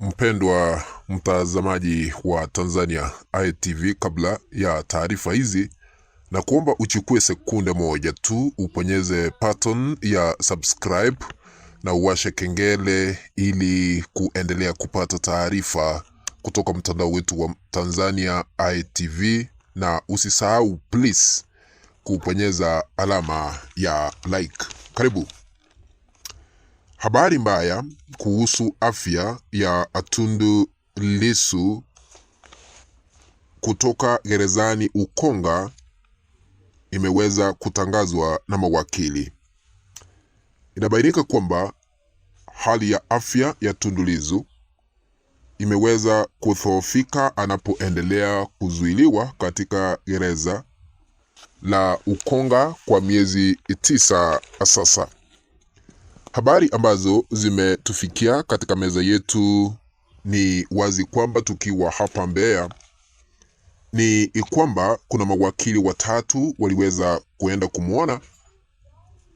Mpendwa mtazamaji wa Tanzania ITV, kabla ya taarifa hizi na kuomba uchukue sekunde moja tu uponyeze pattern ya subscribe na uwashe kengele ili kuendelea kupata taarifa kutoka mtandao wetu wa Tanzania ITV, na usisahau please kuponyeza alama ya like. Karibu. Habari mbaya kuhusu afya ya Tundu Lissu kutoka gerezani Ukonga imeweza kutangazwa na mawakili. Inabainika kwamba hali ya afya ya Tundu Lissu imeweza kudhoofika anapoendelea kuzuiliwa katika gereza la Ukonga kwa miezi tisa sasa. Habari ambazo zimetufikia katika meza yetu ni wazi kwamba tukiwa hapa Mbeya ni kwamba kuna mawakili watatu waliweza kuenda kumwona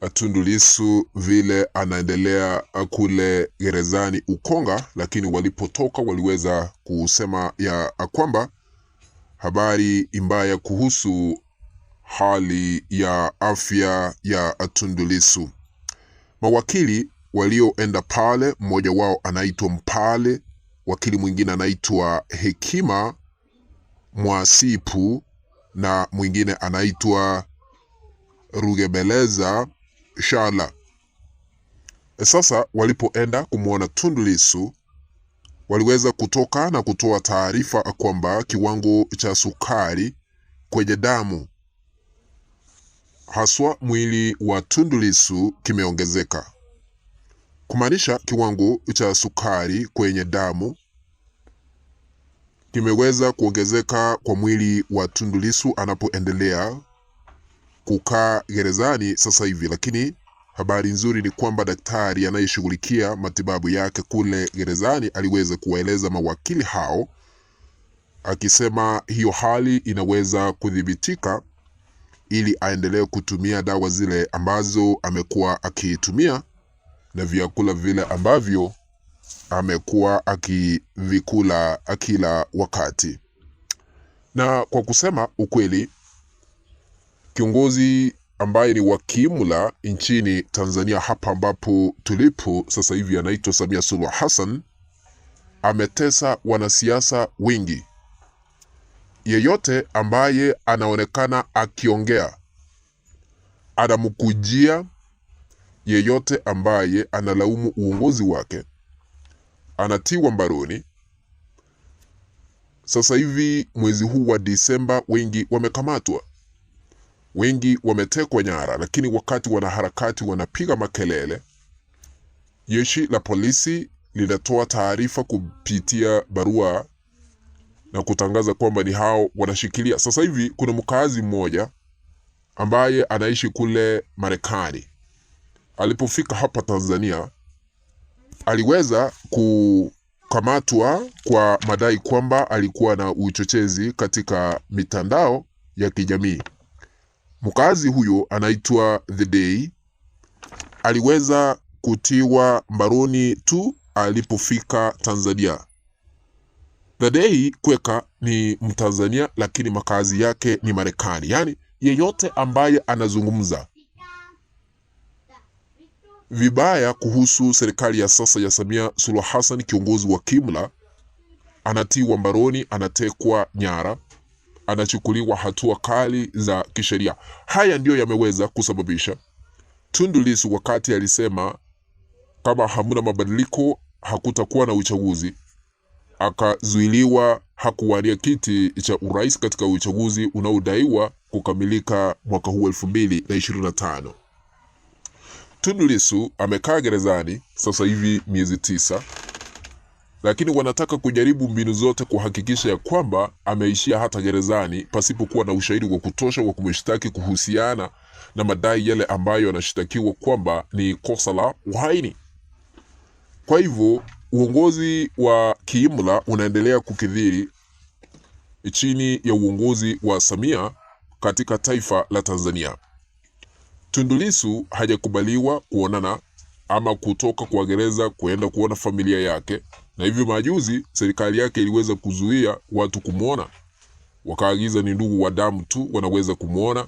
eh, Tundu Lissu vile anaendelea eh, kule gerezani Ukonga, lakini walipotoka waliweza kusema ya eh, kwamba habari mbaya kuhusu hali ya afya ya Tundu Lissu. Mawakili walioenda pale, mmoja wao anaitwa Mpale, wakili mwingine anaitwa Hekima Mwasipu na mwingine anaitwa Rugebeleza Shala. Sasa walipoenda kumwona Tundu Lissu waliweza kutoka na kutoa taarifa kwamba kiwango cha sukari kwenye damu haswa mwili wa Tundu Lissu kimeongezeka, kumaanisha kiwango cha sukari kwenye damu kimeweza kuongezeka kwa mwili wa Tundu Lissu anapoendelea kukaa gerezani sasa hivi. Lakini habari nzuri ni kwamba daktari anayeshughulikia matibabu yake kule gerezani aliweza kuwaeleza mawakili hao akisema hiyo hali inaweza kudhibitika ili aendelee kutumia dawa zile ambazo amekuwa akitumia na vyakula vile ambavyo amekuwa akivikula kila wakati. Na kwa kusema ukweli, kiongozi ambaye ni wa kiimla nchini Tanzania hapa ambapo tulipo sasa hivi anaitwa Samia Suluhu Hassan ametesa wanasiasa wengi yeyote ambaye anaonekana akiongea anamkujia yeyote ambaye analaumu uongozi wake anatiwa mbaroni. Sasa hivi mwezi huu wa Disemba, wengi wamekamatwa, wengi wametekwa nyara, lakini wakati wanaharakati wanapiga makelele, jeshi la polisi linatoa taarifa kupitia barua na kutangaza kwamba ni hao wanashikilia. Sasa hivi kuna mkaazi mmoja ambaye anaishi kule Marekani, alipofika hapa Tanzania aliweza kukamatwa kwa madai kwamba alikuwa na uchochezi katika mitandao ya kijamii. mkaazi huyo anaitwa The Day aliweza kutiwa mbaroni tu alipofika Tanzania. Thadei Kweka ni Mtanzania lakini makazi yake ni Marekani. Yaani yeyote ambaye anazungumza vibaya kuhusu serikali ya sasa ya Samia Suluhu Hassan, kiongozi wa kimla, anatiwa mbaroni, anatekwa nyara, anachukuliwa hatua kali za kisheria. Haya ndiyo yameweza kusababisha Tundu Lissu wakati alisema kama hamna mabadiliko hakutakuwa na uchaguzi akazuiliwa hakuwania kiti cha urais katika uchaguzi unaodaiwa kukamilika mwaka huu elfu mbili na ishirini na tano. Tundu Lissu amekaa gerezani sasa hivi miezi tisa, lakini wanataka kujaribu mbinu zote kuhakikisha ya kwamba ameishia hata gerezani pasipokuwa na ushahidi wa kutosha wa kumshtaki kuhusiana na madai yale ambayo anashtakiwa kwamba ni kosa la uhaini. Kwa hivyo Uongozi wa kiimla unaendelea kukithiri chini ya uongozi wa Samia katika taifa la Tanzania. Tundu Lissu hajakubaliwa kuonana ama kutoka kwa gereza kuenda kuona familia yake, na hivyo majuzi serikali yake iliweza kuzuia watu kumwona, wakaagiza ni ndugu wa damu tu wanaweza kumwona,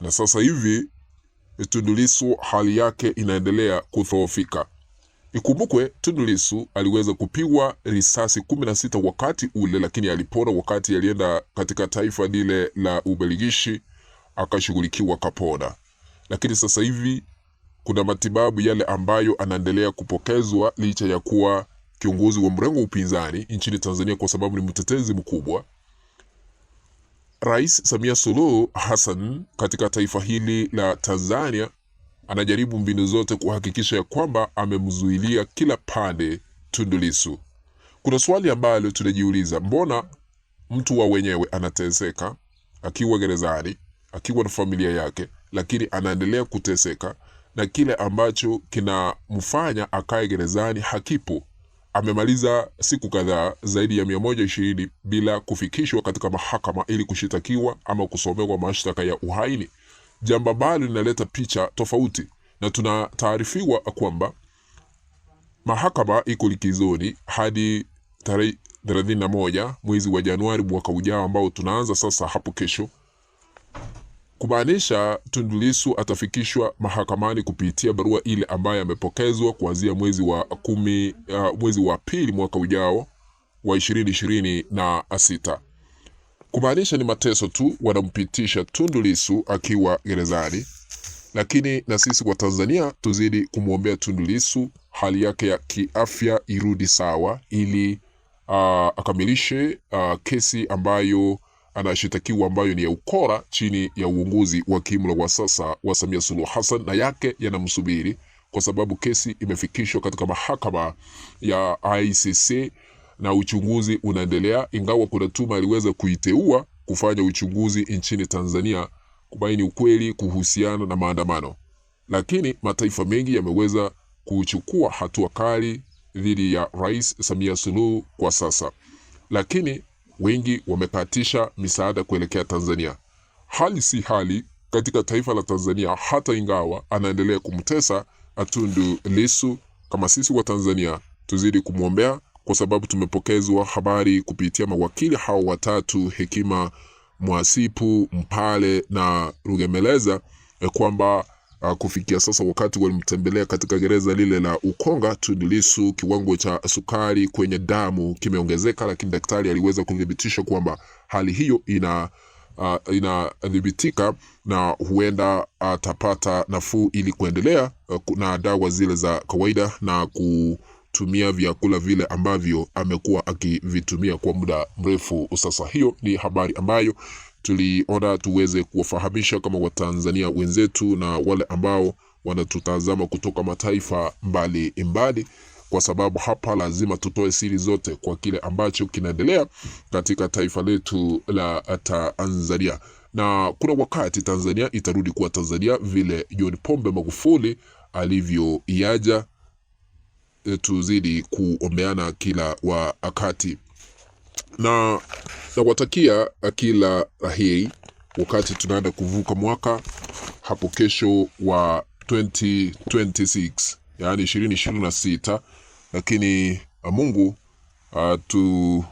na sasa hivi Tundu Lissu hali yake inaendelea kudhoofika. Ikumbukwe Tundu Lissu aliweza kupigwa risasi kumi na sita wakati ule, lakini alipona wakati alienda katika taifa lile la Ubelgishi akashughulikiwa kapona. Lakini sasa hivi kuna matibabu yale ambayo anaendelea kupokezwa licha ya kuwa kiongozi wa mrengo wa upinzani nchini Tanzania, kwa sababu ni mtetezi mkubwa. Rais Samia Suluhu Hassan katika taifa hili la Tanzania anajaribu mbinu zote kuhakikisha ya kwamba amemzuilia kila pande Tundu Lissu. Kuna swali ambalo tunajiuliza, mbona mtu wa wenyewe anateseka akiwa gerezani, akiwa na familia yake, lakini anaendelea kuteseka na kile ambacho kinamfanya akae gerezani hakipo. Amemaliza siku kadhaa zaidi ya 120 ishirini bila kufikishwa katika mahakama ili kushitakiwa ama kusomewa mashtaka ya uhaini jambo ambalo linaleta picha tofauti, na tunataarifiwa kwamba mahakama iko likizoni hadi tarehe 31 mwezi wa Januari mwaka ujao ambao tunaanza sasa hapo kesho, kumaanisha tundulisu atafikishwa mahakamani kupitia barua ile ambayo amepokezwa kuanzia mwezi wa kumi, uh, mwezi wa pili mwaka ujao wa ishirini ishirini na sita kumaanisha ni mateso tu wanampitisha Tundu Lissu akiwa gerezani. Lakini na sisi kwa Tanzania tuzidi kumwombea Tundu Lissu hali yake ya kiafya irudi sawa, ili uh, akamilishe uh, kesi ambayo anashitakiwa ambayo ni ya ukora chini ya uongozi wa kiimla wa sasa wa Samia Suluhu Hassan, na yake yanamsubiri kwa sababu kesi imefikishwa katika mahakama ya ICC na uchunguzi unaendelea, ingawa kuna tume aliweza kuiteua kufanya uchunguzi nchini Tanzania kubaini ukweli kuhusiana na maandamano, lakini mataifa mengi yameweza kuchukua hatua kali dhidi ya Rais Samia Suluhu kwa sasa, lakini wengi wamekatisha misaada kuelekea Tanzania. Hali si hali katika taifa la Tanzania, hata ingawa anaendelea kumtesa Tundu Lissu. Kama sisi wa Tanzania tuzidi kumwombea kwa sababu tumepokezwa habari kupitia mawakili hao watatu, Hekima Mwasipu, Mpale na Rugemeleza, eh, kwamba ah, kufikia sasa wakati walimtembelea katika gereza lile la Ukonga, Tundu Lissu, kiwango cha sukari kwenye damu kimeongezeka, lakini daktari aliweza kuthibitisha kwamba hali hiyo ina uh, ah, inadhibitika na huenda atapata nafuu ili kuendelea eh, na dawa zile za kawaida na ku tumia vyakula vile ambavyo amekuwa akivitumia kwa muda mrefu sasa. Hiyo ni habari ambayo tuliona tuweze kuwafahamisha kama Watanzania wenzetu na wale ambao wanatutazama kutoka mataifa mbali mbali, kwa sababu hapa lazima tutoe siri zote kwa kile ambacho kinaendelea katika taifa letu la Tanzania. Na kuna wakati Tanzania itarudi kuwa Tanzania vile John Pombe Magufuli alivyoiaja Eh, tuzidi kuombeana kila wakati na nawatakia kila laheri wakati tunaenda kuvuka mwaka hapo kesho wa 2026 yaani ishirini ishirini na sita lakini ah, mungu atu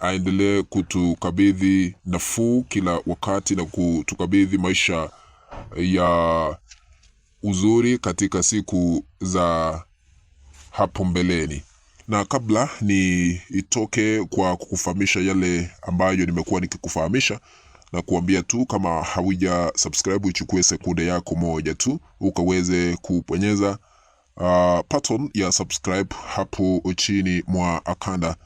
ah, aendelee kutukabidhi nafuu kila wakati na kutukabidhi maisha ya uzuri katika siku za hapo mbeleni na kabla ni itoke kwa kukufahamisha yale ambayo nimekuwa nikikufahamisha na kuambia tu, kama hauja subscribe uchukue sekunde yako moja tu ukaweze kubonyeza uh, button ya subscribe hapo chini mwa akanda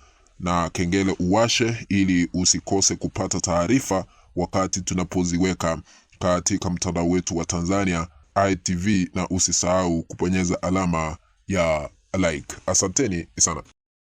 na kengele uwashe, ili usikose kupata taarifa wakati tunapoziweka katika mtandao wetu wa Tanzania ITV, na usisahau kubonyeza alama ya like. Asanteni sana.